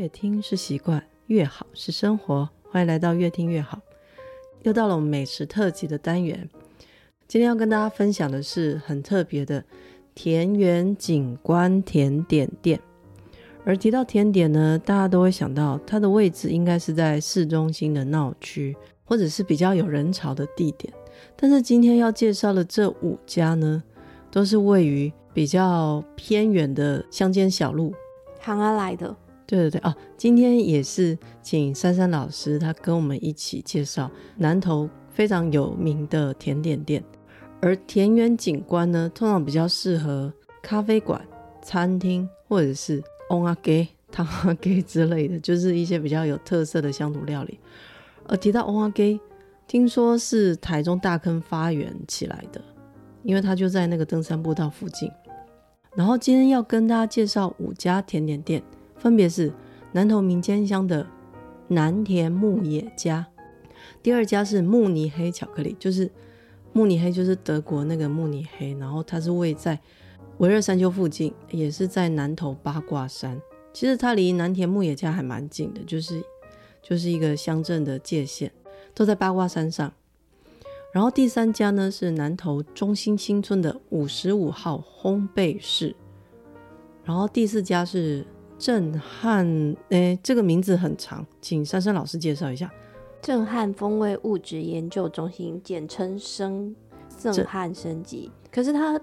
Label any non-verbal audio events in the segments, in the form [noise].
閱聽是習慣，閱好是生活。歡迎來到閱聽閱好，又到了我們美食特輯的單元。今天要跟大家分享的是很特別的田園景觀甜點店。而提到甜點呢，大家都會想到它的位置應該是在市中心的鬧區，或者是比較有人潮的地點。但是今天要介紹的這五家呢，都是位於比較偏遠的鄉間小路，航安、啊、來的。對對對哦，今天也是請珊珊老師，她跟我們一起介紹南投非常有名的甜點店。而田園景觀呢，通常比較適合咖啡館、餐廳或者是甕缸雞、桶仔雞之類的，就是一些比較有特色的鄉土料理。而提到甕缸雞，聽說是台中大坑發源起來的，因為它就在那個登山步道附近。然後今天要跟大家介紹五家甜點店。分別是南投民間鄉的南田牧野家，第二家是慕尼黑巧克力，就是慕尼黑就是德國那個慕尼黑，然後它是位在微熱山丘附近，也是在南投八卦山。其實它離南田牧野家還蠻近的，就是就是一個鄉鎮的界限都在八卦山上，然後第三家呢是南投中心新村的五十五號烘焙室，然後第四家是。正瀚，誒，這個名字很長，請珊珊老師介紹一下。正瀚風味物質研究中心，簡稱升“生正瀚升級”正。可是它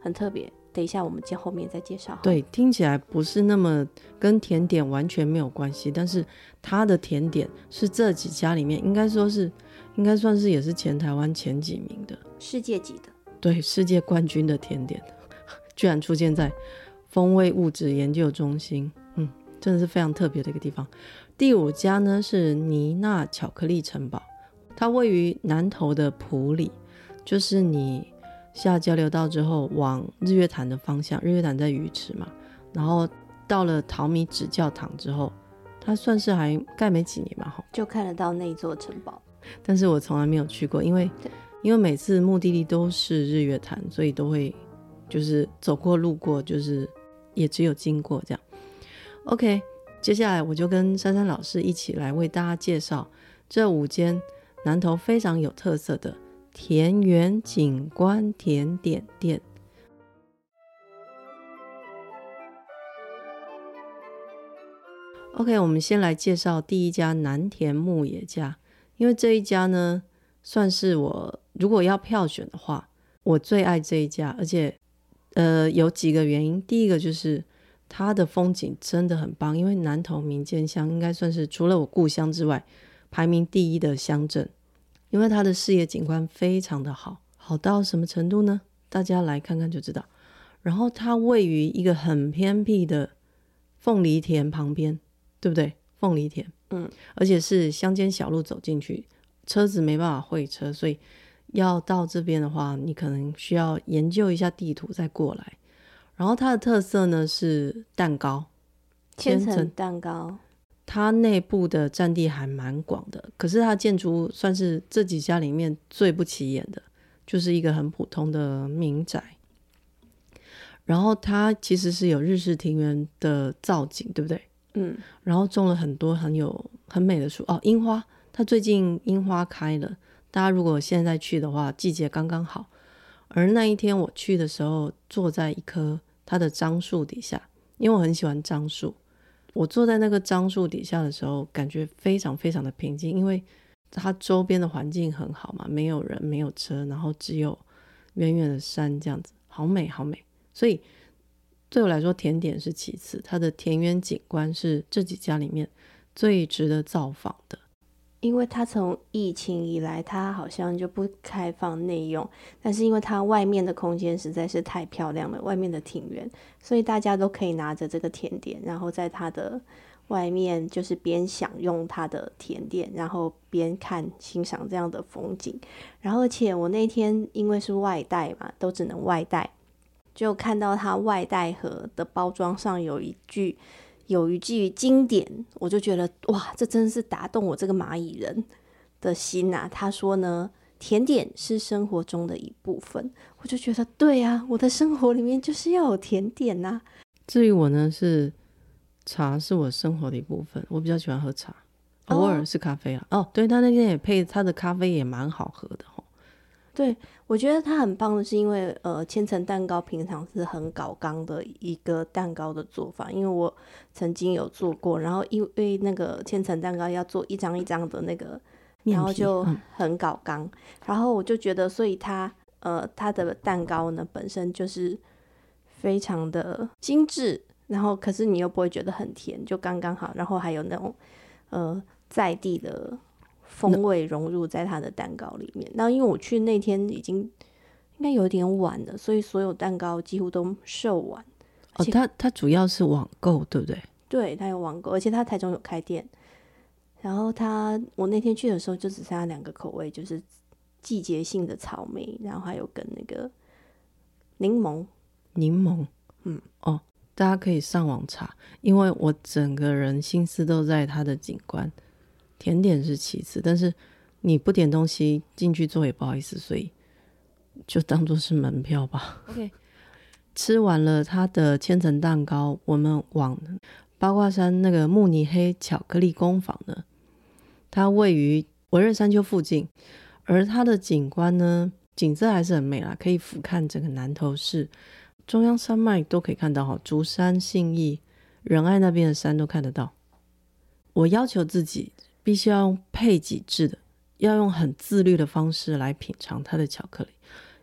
很特別，等一下我們見後面再介紹。對，聽起來不是那麼跟甜點完全沒有關係，但是它的甜點是這幾家裡面應該說是，應該算是也是前台灣前幾名的，世界級的。對，世界冠軍的甜點，居然出現在。風味物質研究中心，嗯，真的是非常特別的一個地方。第五家呢，是妮娜巧克力城堡，它位於南投的埔里，就是你下交流道之後往日月潭的方向，日月潭在魚池嘛。然後到了桃米紙教堂之後，它算是還蓋沒幾年嘛，就看得到那座城堡，但是我從來沒有去過，因為對因為每次目的地都是日月潭，所以都會就是走過路過就是。也只有經過這樣，OK，接下來我就跟珊珊老師一起來為大家介紹這五間南投非常有特色的田園景觀甜點店。OK，我們先來介紹第一家南田牧野家，因為這一家呢，算是我如果要票選的話，我最愛這一家，而且。呃，有幾個原因。第一個就是它的風景真的很棒，因為南投民間鄉應該算是除了我故鄉之外排名第一的鄉鎮，因為它的視野景觀非常的好，好到什麼程度呢？大家來看看就知道。然後它位於一個很偏僻的鳳梨田旁邊，對不對？鳳梨田，嗯，而且是鄉間小路走進去，車子沒辦法會車，所以。要到這邊的話，你可能需要研究一下地圖再過來。然後它的特色呢是蛋糕，千層蛋糕。它內部的占地還蠻廣的，可是它建築算是這幾家裡面最不起眼的，就是一個很普通的民宅。然後它其實是有日式庭園的造景，對不對？嗯。然後種了很多很有很美的樹哦，櫻花。它最近櫻花開了。大家如果現在去的話，季節剛剛好。而那一天我去的時候，坐在一棵它的樟樹底下，因為我很喜歡樟樹。我坐在那個樟樹底下的時候，感覺非常非常的平靜，因為它周邊的環境很好嘛，沒有人，沒有車，然後只有遠遠的山這樣子，好美，好美。所以對我來說，甜點是其次，它的田園景觀是這幾家裡面最值得造訪的。因為它從疫情以來，它好像就不開放內用，但是因為它外面的空間實在是太漂亮了，外面的庭園，所以大家都可以拿着這個甜點，然後在它的外面，就是邊享用它的甜點，然後邊看欣賞這樣的風景。然後而且我那天因為是外帶嘛，都只能外帶，就看到它外帶盒的包裝上有一句。有一句經典，我就覺得哇，這真是打動我這個螞蟻人的心吶、啊。他說呢，甜點是生活中的一部分，我就覺得對啊，我的生活裡面就是要有甜點吶、啊。至於我呢，是茶是我生活的一部分，我比較喜歡喝茶，偶爾是咖啡啊。哦、uh, oh，對，他那天也配他的咖啡也蠻好喝的、哦。對，我覺得他很棒的是，因為呃，千層蛋糕，平常是很搞剛的一個蛋糕的做法，因為我曾經有做過，然後因為那個千層蛋糕要做一張一張的那個，然後就很搞剛，嗯、然後我就覺得，所以它呃，它的蛋糕呢本身就是非常的精致，然後可是你又不會覺得很甜，就剛剛好，然後還有那種呃在地的。風味融入在他的蛋糕裡面。那因為我去那天已經應該有點晚了，所以所有蛋糕幾乎都售完。哦，他他且主要是網購，對不對？對他有網購，而且他台中有開店。然後他我那天去的時候就只剩下兩個口味，就是季節性的草莓，然後還有跟那個檸檬，檸檬。嗯，哦，大家可以上網查，因為我整個人心思都在他的景觀。甜點是其次，但是你不點東西進去坐也不好意思，所以就當做是門票吧。OK， [laughs] 吃完了它的千層蛋糕，我們往八卦山那個慕尼黑巧克力工坊呢。它位於微熱山丘附近，而它的景觀呢，景色還是很美啦，可以俯瞰整個南投市，中央山脈都可以看到哈，竹山、信義、仁愛那邊的山都看得到。我要求自己，必須要配給制的，要用很自律的方式來品嘗它的巧克力，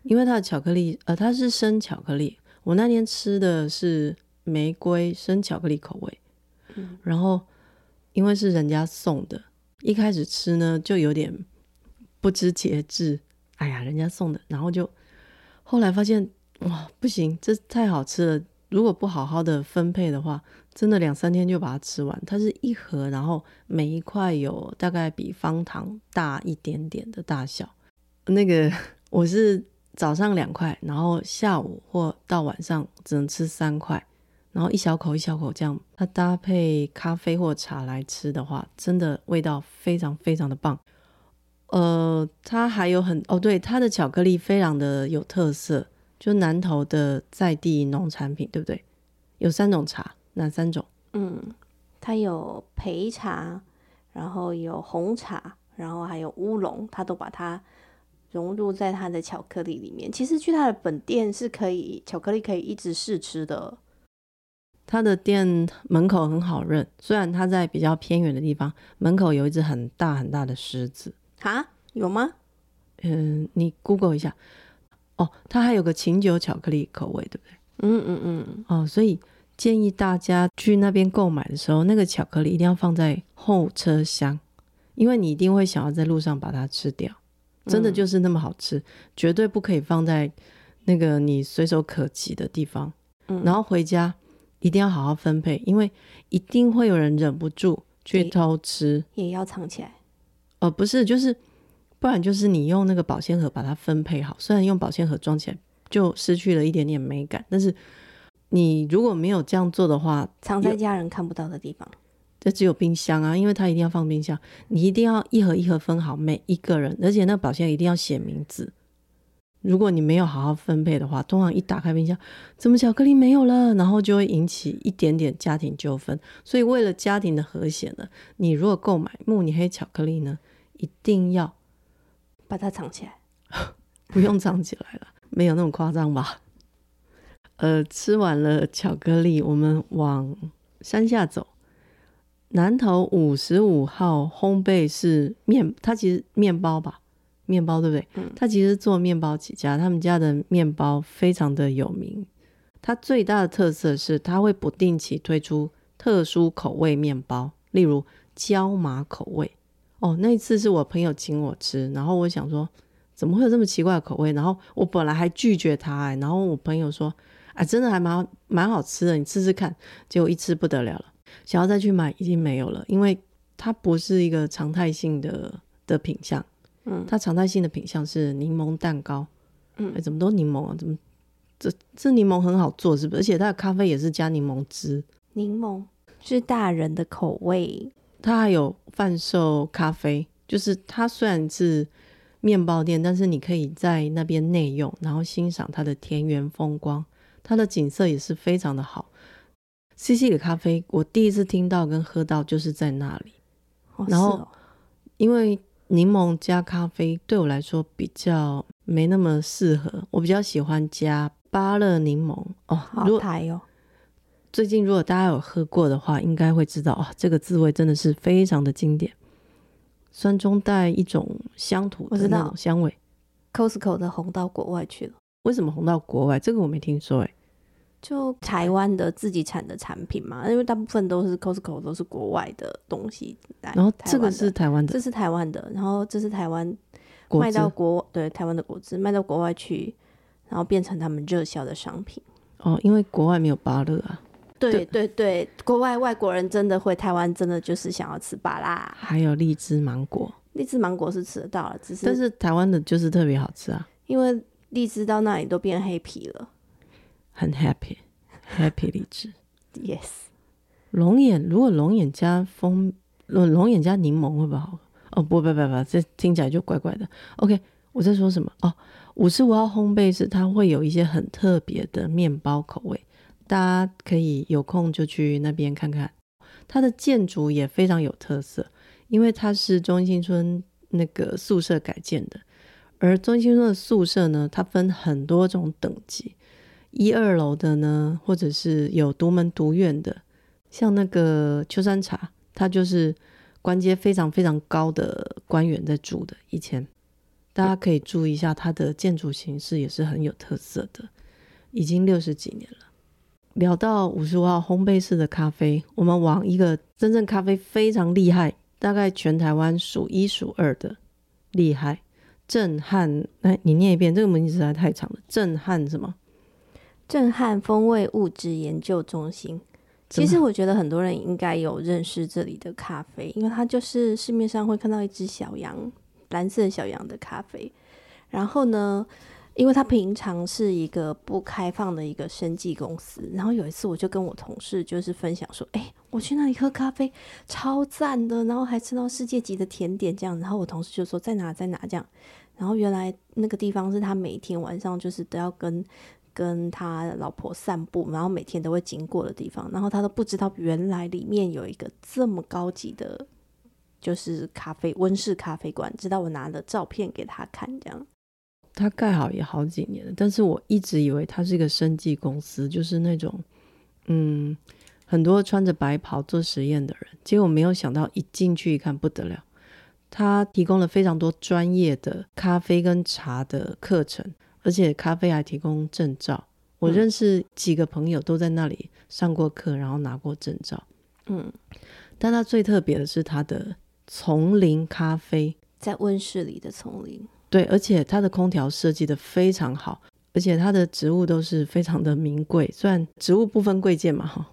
因為它的巧克力，呃，它是生巧克力。我那天吃的是玫瑰生巧克力口味，嗯、然後因為是人家送的，一開始吃呢就有點不知節制，哎呀，人家送的，然後就後來發現哇，不行，這太好吃了，如果不好好的分配的話。真的兩三天就把它吃完，它是一盒，然後每一塊有大概比方糖大一點點的大小。那個我是早上兩塊，然後下午或到晚上只能吃三塊，然後一小口一小口這樣。它搭配咖啡或茶來吃的話，真的味道非常非常的棒。呃，它還有很哦，對，它的巧克力非常的有特色，就南投的在地農產品，對不對？有三種茶。哪三種？嗯，它有焙茶，然後有紅茶，然後還有烏龍，它都把它融入在它的巧克力裡面。其實去它的本店是可以，巧克力可以一直試吃的。它的店門口很好認，雖然它在比較偏遠的地方，門口有一只很大很大的獅子。哈，有嗎？嗯、呃，你 Google 一下。哦，它還有個琴酒巧克力口味，對不對？嗯嗯嗯。哦，所以。建議大家去那邊購買的時候，那個巧克力一定要放在後車廂，因為你一定會想要在路上把它吃掉，真的就是那麼好吃，嗯，絕對不可以放在那個你隨手可及的地方。嗯，然後回家一定要好好分配，因為一定會有人忍不住去偷吃，也，也要藏起來。呃，不是，就是，不然就是你用那個保鮮盒把它分配好，雖然用保鮮盒裝起來就失去了一點點美感，但是。你如果沒有這樣做的話，藏在家人看不到的地方，這只有冰箱啊，因為它一定要放冰箱。你一定要一盒一盒分好每一個人，而且那個保鮮一定要寫名字。如果你沒有好好分配的話，通常一打開冰箱，怎麼巧克力沒有了，然後就會引起一點點家庭糾紛。所以為了家庭的和諧呢，你如果購買慕尼黑巧克力呢，一定要把它藏起來。 [laughs] 不用藏起來了，沒有那麼誇張吧。呃，吃完了巧克力，我們往山下走。南投五十五號烘焙室麵，它其實麵包吧，麵包對不對？嗯。它其實做麵包起家，他們家的麵包非常的有名。它最大的特色是，它會不定期推出特殊口味麵包，例如椒麻口味。哦，那一次是我朋友請我吃，然後我想說，怎麼會有這麼奇怪的口味？然後我本來還拒絕他，哎，然後我朋友說。啊、真的還蠻蠻好，好吃的，你試試看，結果一吃不得了了。想要再去買已經沒有了，因為它不是一個常態性的的品項。嗯，它常態性的品項是檸檬蛋糕。嗯、欸，怎麼都檸檬啊？怎麼這這檸檬很好做，是不是？而且它的咖啡也是加檸檬汁。檸檬、就是大人的口味。它還有販售咖啡，就是它雖然是麵包店，但是你可以在那邊內用，然後欣賞它的田園風光。它的景色也是非常的好。西西里咖啡，我第一次聽到跟喝到就是在那裡。哦、然後，因為檸檬加咖啡對我來說比較沒那麼適合，我比較喜歡加芭樂檸檬哦。好台哦！最近如果大家有喝過的話，應該會知道、哦、這個滋味真的是非常的經典，酸中帶一種鄉土的那種香味。Costco 的紅到國外去了。為什麼紅到國外？這個我沒聽說誒、欸。就台灣的自己產的產品嘛，因為大部分都是 Costco 都是國外的東西。台然後這個是台灣的，這是台灣的，然後這是台灣賣到國，果汁？對台灣的果汁賣到國外去，然後變成他們熱銷的商品。哦，因為國外沒有芭樂啊。對對對，國外外國人真的會，台灣真的就是想要吃芭樂，還有荔枝、芒果，荔枝、芒果是吃得到了，只是但是台灣的就是特別好吃啊，因為。荔枝到那裡都變黑皮了，很 happy，happy 荔 happy 枝。 [laughs] yes，龍眼如果龍眼加蜂，龍龍眼加檸檬會不會好？哦、oh, 不不不不，不，這聽起來就怪怪的。OK，我在說什麼？哦，五十五號烘焙室它會有一些很特別的麵包口味，大家可以有空就去那邊看看。它的建築也非常有特色，因為它是中興村那個宿舍改建的。而中心村的宿舍呢，它分很多種等級，一二樓的呢，或者是有獨門獨院的，像那個秋山茶，它就是官階非常非常高的官員在住的。以前大家可以注意一下，它的建築形式也是很有特色的。已經六十幾年了。聊到五十五號烘焙室的咖啡，我們往一個真正咖啡非常厲害，大概全台灣數一數二的厲害。正瀚，來你念一遍，這個名字實在太長了。正瀚什麼？正瀚風味物質研究中心。其實我覺得很多人應該有認識這裡的咖啡，因為它就是市面上會看到一隻小羊，藍色小羊的咖啡。然後呢，因為它平常是一個不開放的一個生技公司。然後有一次，我就跟我同事就是分享說：“哎，我去那裡喝咖啡，超讚的！然後還吃到世界級的甜點這樣。”然後我同事就說：“在哪？在哪？”這樣。然後原來那個地方是他每天晚上就是都要跟跟他老婆散步，然後每天都會經過的地方。然後他都不知道原來裡面有一個這麼高級的，就是咖啡溫室咖啡館。直到我拿的照片給他看，這樣。他蓋好也好幾年了，但是我一直以為他是一個生技公司，就是那種嗯很多穿着白袍做實驗的人。結果沒有想到，一進去一看不得了。他提供了非常多專業的咖啡跟茶的課程，而且咖啡還提供證照。我認識幾個朋友都在那裡上過課，然後拿過證照。嗯，但他最特別的是他的叢林咖啡，在溫室裡的叢林。對，而且它的空調設計得非常好，而且它的植物都是非常的名貴。雖然植物不分貴賤嘛，哈，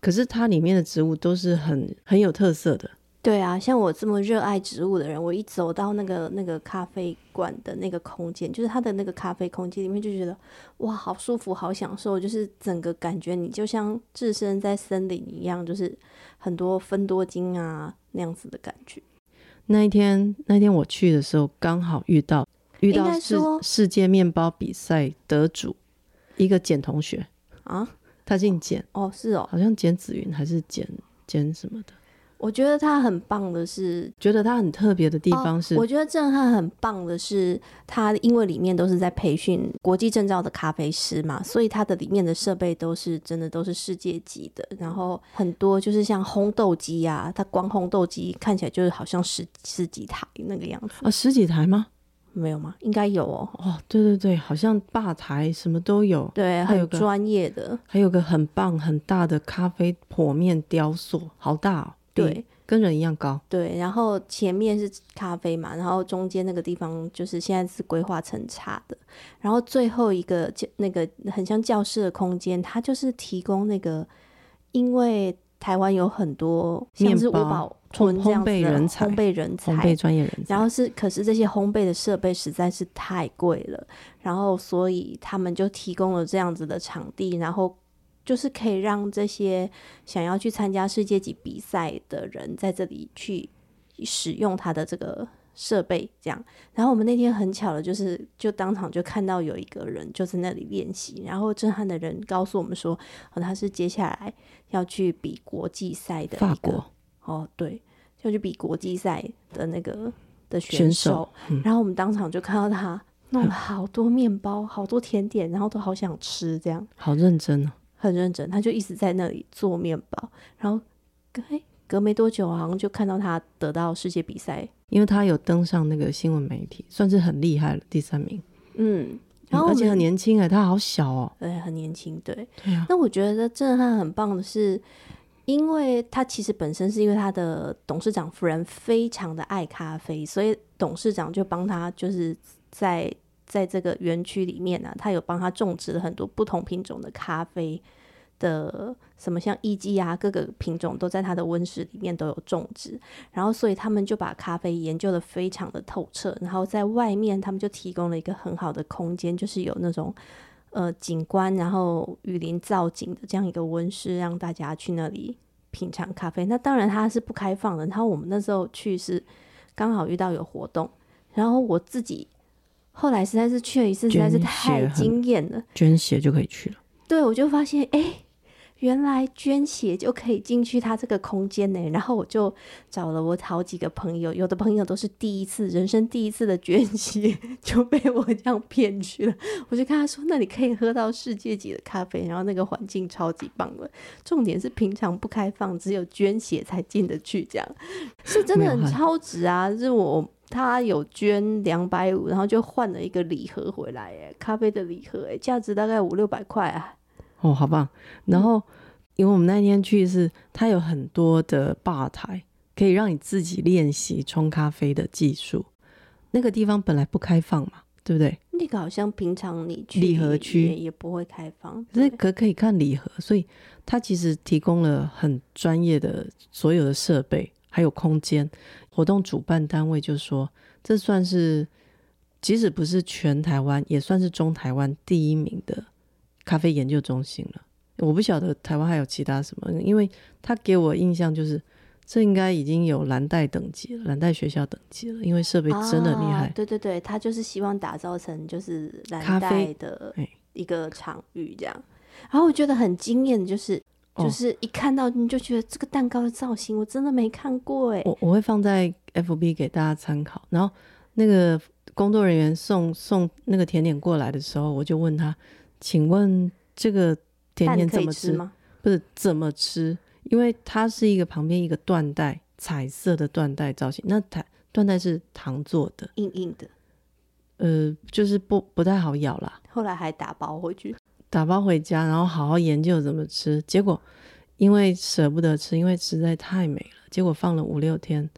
可是它裡面的植物都是很很有特色的。對啊，像我這麼熱愛植物的人，我一走到那個那個咖啡館的那個空間，就是他的那個咖啡空間裡面，就覺得哇，好舒服，好享受，就是整個感覺你就像置身在森林一樣，就是很多芬多精啊那樣子的感覺。那一天，那一天我去的時候，剛好遇到遇到是世界面包比賽得主一個簡同學啊，他姓簡哦，是哦，好像簡子雲還是簡簡什麼的。我覺得他很棒的是，覺得他很特別的地方是、哦，我覺得正瀚很棒的是，他因為裡面都是在培訓國際證照的咖啡師嘛，所以他的裡面的設備都是真的，都是世界級的。然後很多就是像烘豆機啊，它光烘豆機看起來就是好像十十幾台那個樣子啊、哦，十幾台嗎？沒有嗎？應該有哦。哦，對對對，好像吧台什麼都有。對，還有專業的，還有個很棒很大的咖啡火面雕塑，好大、哦。對，跟人一樣高。對，然後前面是咖啡嘛，然後中間那個地方就是現在是規劃成茶的，然後最後一個那個很像教室的空間，它就是提供那個，因為台灣有很多包像是五寶、烘焙人才、烘焙人才、烘焙專業人才，然後是可是這些烘焙的設備實在是太貴了，然後所以他們就提供了這樣子的場地，然後。就是可以讓這些想要去參加世界級比賽的人在這裡去使用他的這個設備，這樣。然後我們那天很巧的，就是就當場就看到有一個人就在那裡練習。然後正瀚的人告訴我們說，哦，他是接下來要去比國際賽的法國哦，對，要去比國際賽的那個的選手。選手嗯。然後我們當場就看到他弄了好多麵包、哼好多甜點，然後都好想吃，這樣好認真呢、啊。很認真，他就一直在那裡做麵包。然後隔隔沒多久，好像就看到他得到世界比賽，因為他有登上那個新聞媒體，算是很厲害了。第三名，嗯，欸、然後而且很年輕誒，他好小哦、喔，對，很年輕。對，對啊、那我覺得震撼很棒的是，因為他其實本身是因為他的董事長夫人非常的愛咖啡，所以董事長就幫他就是在。在這個園區裡面呢、啊，他有幫他種植了很多不同品種的咖啡的，什麼像藝伎啊，各個品種都在他的溫室裡面都有種植。然後，所以他們就把咖啡研究得非常的透徹。然後，在外面他們就提供了一個很好的空間，就是有那種呃，景觀，然後雨林造景的這樣一個溫室，讓大家去那裡品嘗咖啡。那當然它是不開放的。然後我們那時候去是剛好遇到有活動，然後我自己。後來實在是去了一次，實在是太驚艷了捐。捐血就可以去了。對，我就發現，哎、欸，原來捐血就可以進去他這個空間呢、欸。然後我就找了我好幾個朋友，有的朋友都是第一次，人生第一次的捐血就被我這樣騙去了。我就跟他說：“那你可以喝到世界級的咖啡，然後那個環境超級棒的，重點是平常不開放，只有捐血才進得去，這樣是真的很超值啊！”就是我。他有捐兩百五，然後就換了一個禮盒回來耶，咖啡的禮盒，價值大概五六百塊啊。哦，好棒！然後，嗯、因為我們那天去是，他有很多的吧台，可以讓你自己練習沖咖啡的技術。那個地方本來不開放嘛，對不對？那個好像平常你去禮盒區也，也不會開放，可是可可以看禮盒，所以他其實提供了很專業的所有的設備，還有空間。活動主辦單位就說，這算是即使不是全台灣，也算是中台灣第一名的咖啡研究中心了。我不曉得台灣還有其他什麼，因為他給我印象就是，這應該已經有藍帶等級了，藍帶學校等級了，因為設備真的厲害。啊、對對對，他就是希望打造成就是藍帶的一個場域這樣。然後我覺得很驚豔的就是，就是一看到你就覺得這個蛋糕的造型，我真的沒看過哎。我我會放在 FB 給大家參考。然後那個工作人員送送那個甜點過來的時候，我就問他：“請問這個甜點怎麼吃嗎？”不是怎麼吃，因為它是一個旁邊一個緞帶，彩色的緞帶造型。那它緞帶是糖做的，硬硬的，呃，就是不不太好咬啦。後來還打包回去。打包回家，然後好好研究怎麼吃。結果因為捨不得吃，因為實在太美了。結果放了五六天，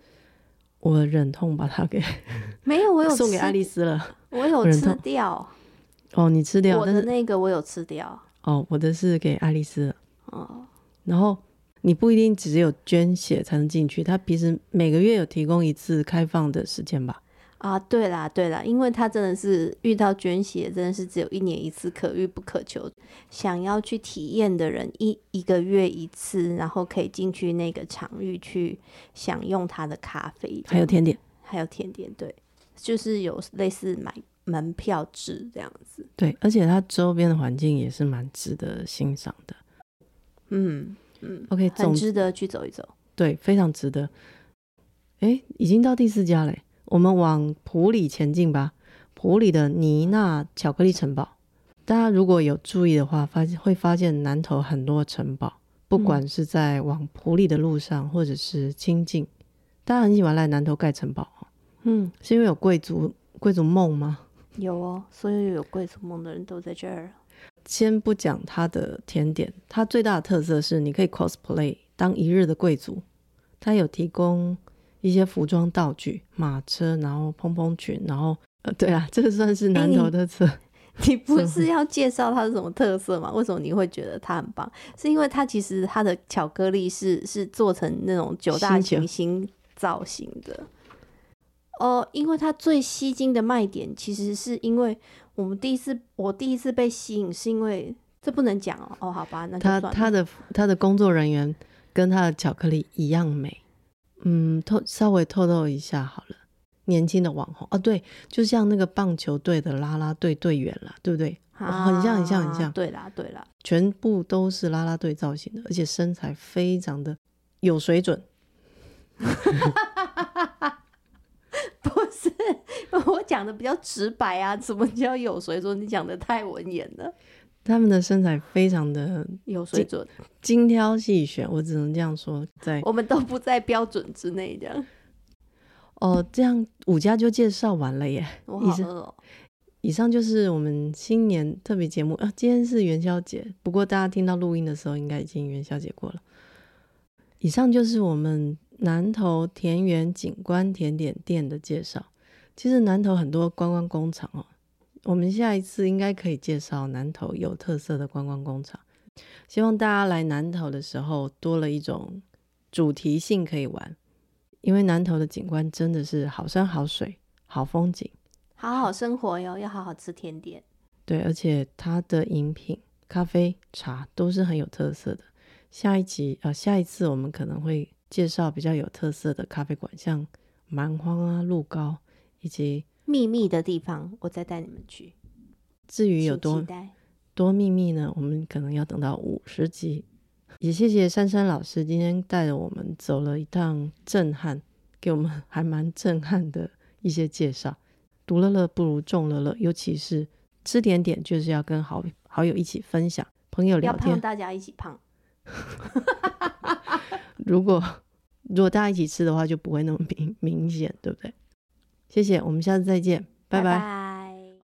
我忍痛把它給沒有，我有送給愛麗絲了。我有吃掉。吃掉哦，你吃掉我的那個，我有吃掉。哦，我的是給愛麗絲了。哦，然後你不一定只有捐血才能進去。他平時每個月有提供一次開放的時間吧？啊，對啦，對啦，因為他真的是遇到捐血，真的是只有一年一次，可遇不可求。想要去體驗的人一，一一個月一次，然後可以進去那個場域去享用他的咖啡，還有甜點，還有甜點，對，就是有類似買門票制這樣子。對，而且它周邊的環境也是蠻值得欣賞的。嗯嗯，OK，很值得去走一走。對，非常值得。哎，已經到第四家嘞。我們往埔里前進吧，埔里的尼娜巧克力城堡。大家如果有注意的話，發會發現南投很多城堡，不管是在往埔里的路上，或者是清境，嗯、大家很喜歡來南投蓋城堡，嗯，是因為有貴族貴族夢嗎？有哦，所以有有貴族夢的人都在這兒。先不講它的甜點，它最大的特色是你可以 cosplay 當一日的貴族，它有提供，一些服裝道具、馬車，然後蓬蓬裙，然後呃，對啊，這個算是南投的特色、欸。你不是要介紹它是什麼特色嗎？為什麼你會覺得它很棒？是因為它其實它的巧克力是是做成那種九大行星造型的。星球。哦，因為它最吸睛的賣點，其實是因為我們第一次，我第一次被吸引，是因為這不能講哦。哦，好吧，那他他的他的工作人員跟他的巧克力一樣美。嗯，透，稍微透露一下好了，年輕的網紅哦，啊、對，就像那個棒球隊的啦啦隊隊員啦，對不對、啊。很像很像很像。對啦、啊、對啦，對啦，全部都是啦啦隊造型的，而且身材非常的有水準。 [laughs] [laughs] 不是，我講的比較直白啊，怎麼叫有水準？你講的太文言了。他們的身材非常的有水準，精挑細選，我只能這樣說。在 [laughs] 我們都不在標準之內，這樣。哦，這樣五家就介紹完了耶。哇、喔、我好餓，以上就是我們新年特別節目啊，今天是元宵節，不過大家聽到錄音的時候，應該已經元宵節過了。以上就是我們南投田園景觀甜點店的介紹。其實南投很多觀光工廠哦、喔。我們下一次應該可以介紹南投有特色的觀光工廠，希望大家來南投的時候多了一種主題性可以玩。因為南投的景觀真的是好山好水好風景，好好生活喲，要好好吃甜點。對，而且它的飲品咖啡茶都是很有特色的。下一集呃下一次我們可能會介紹比較有特色的咖啡館，像蠻荒啊、鹿篙以及。秘密的地方，我再帶你們去。至於有多待多秘密呢？我們可能要等到五十集。也謝謝珊珊老師今天帶着我們走了一趟震撼，給我們還蠻震撼的一些介紹。獨樂樂不如眾樂樂，尤其是吃甜點就是要跟好好友一起分享，朋友聊天，要大家一起胖。 [laughs] [laughs] 如果如果大家一起吃的話，就不會那麼明明顯，對不對？謝謝，我們下次再見，拜拜。拜拜。